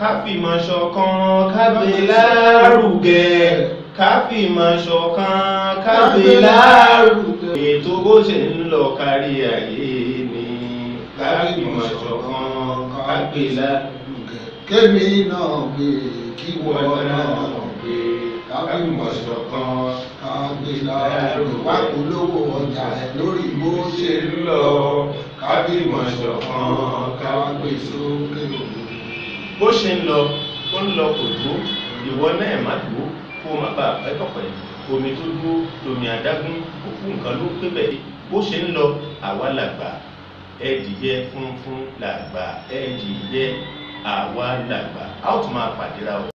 káfìmọ̀ ṣọ̀kan kágbé lárugẹ káfìmọ̀ ṣọ̀kan kágbé lárugẹ ètò bó ṣe ń lọ kárí ayé ni káfìmọ̀ ṣọ̀kan kágbé lárugẹ. kémi náà gbé kí wọ́n náà gbé káfìmọ̀ ṣọ̀kan kágbé lárugẹ. wá polówó ọjà ẹ lórí bó ṣe ń lọ káfìmọ̀ ṣọ̀kan kágbé sókè bó ṣe ń lọ ó ń lọ kò dúró ìwọ náà má dúró kó o má bàa pẹ́ pọ̀pẹ́ omi tó dúró lomi adágún òkú nǹkan ló pé bẹ́ẹ̀ bó ṣe ń lọ àwa làgbà ẹ̀dìyẹ funfun làgbà ẹ̀dìyẹ àwa làgbà a ó tún máa pàdéra o.